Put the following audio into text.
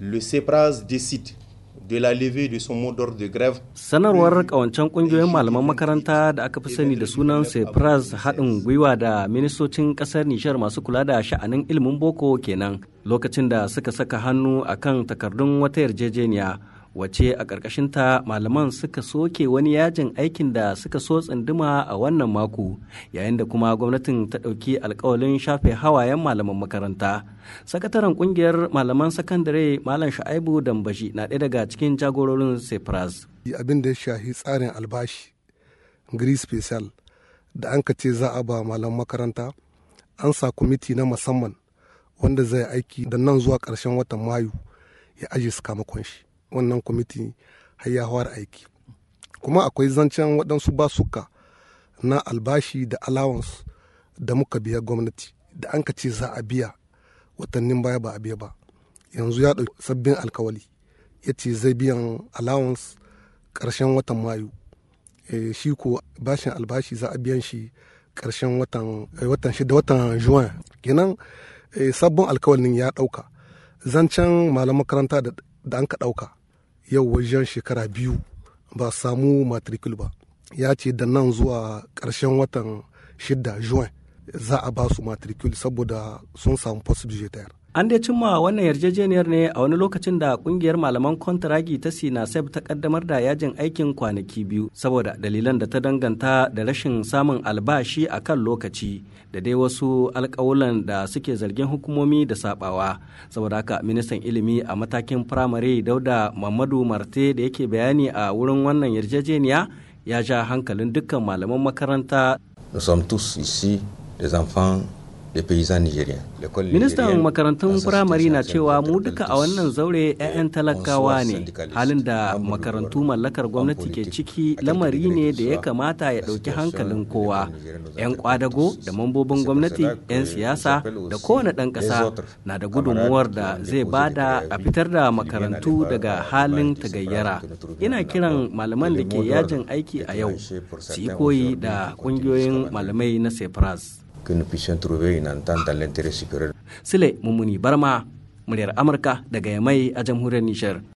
Le CEPRAS décide de la levée de son mot d'ordre de grève. Sanarwar ƙawancen kungiyoyin malaman makaranta da aka fi sani da sunan CEPRAS haɗin gwiwa da ministocin ƙasar Nijar masu kula da sha'anin ilimin boko kenan lokacin da suka saka hannu akan takardun wata yarjejeniya wace a ƙarƙashinta malaman suka soke wani yajin aikin da suka so tsinduma a wannan mako yayin da kuma gwamnatin ta ɗauki alkawalin shafe hawayen malaman makaranta sakataren ƙungiyar malaman sakandare malam sha'aibu dambashi na ɗaya daga cikin jagororin sefras abin da ya shahi tsarin albashi gris special da an ka ce za a ba malam makaranta an sa kwamiti na musamman wanda zai aiki da nan zuwa ƙarshen watan mayu ya aji sakamakon shi wannan kwamiti har ya fara aiki kuma akwai zancen waɗansu basuka na albashi da allowance da muka biya gwamnati da an ka ce za a biya watannin baya ba a biya ba yanzu ya ɗauki sabbin alkawali ya ce zai biyan allowance ƙarshen watan mayu e, shi ko bashin albashi za a biyan shi ƙarshen watan e, watan watan juin kenan e, eh, sabbin alkawalin ya ɗauka zancen malam makaranta da an ka ɗauka yau wajen shekara biyu ba samu matrikul ba ya ce da nan zuwa ƙarshen watan shidda juin za a ba su matrikul saboda sun samu post budgetaire An dai cimma wannan yarjejeniyar ne a wani lokacin da kungiyar malaman kontragi ta Sinasef ta kaddamar da yajin aikin kwanaki biyu saboda dalilan da ta danganta da rashin samun albashi a kan lokaci da dai wasu alkawulan da suke zargin hukumomi da sabawa. Saboda haka ministan ilimi a matakin firamare Dauda Mamadu Marte da yake bayani a wurin wannan yarjejeniya ya ja hankalin dukkan malaman makaranta. Nous sommes tous ici enfants Ministan makarantun firamare na cewa mu duka a wannan zaure 'ya'yan talakawa ne halin da makarantu mallakar gwamnati ke ciki lamari ne da ya kamata ya ɗauki hankalin kowa 'yan kwadago da mambobin gwamnati 'yan siyasa da kowane ɗan ƙasa na da gudunmuwar da zai bada a fitar da makarantu daga halin tagayyara ina kiran malaman da ke yajin aiki a yau su yi koyi da ƙungiyoyin malamai na cyprus que nous puissions trouver une entente dans l'intérêt supérieur. Sile Moumouni Barama, muryar Amurka daga Yamai a jamhuriyar Nijar.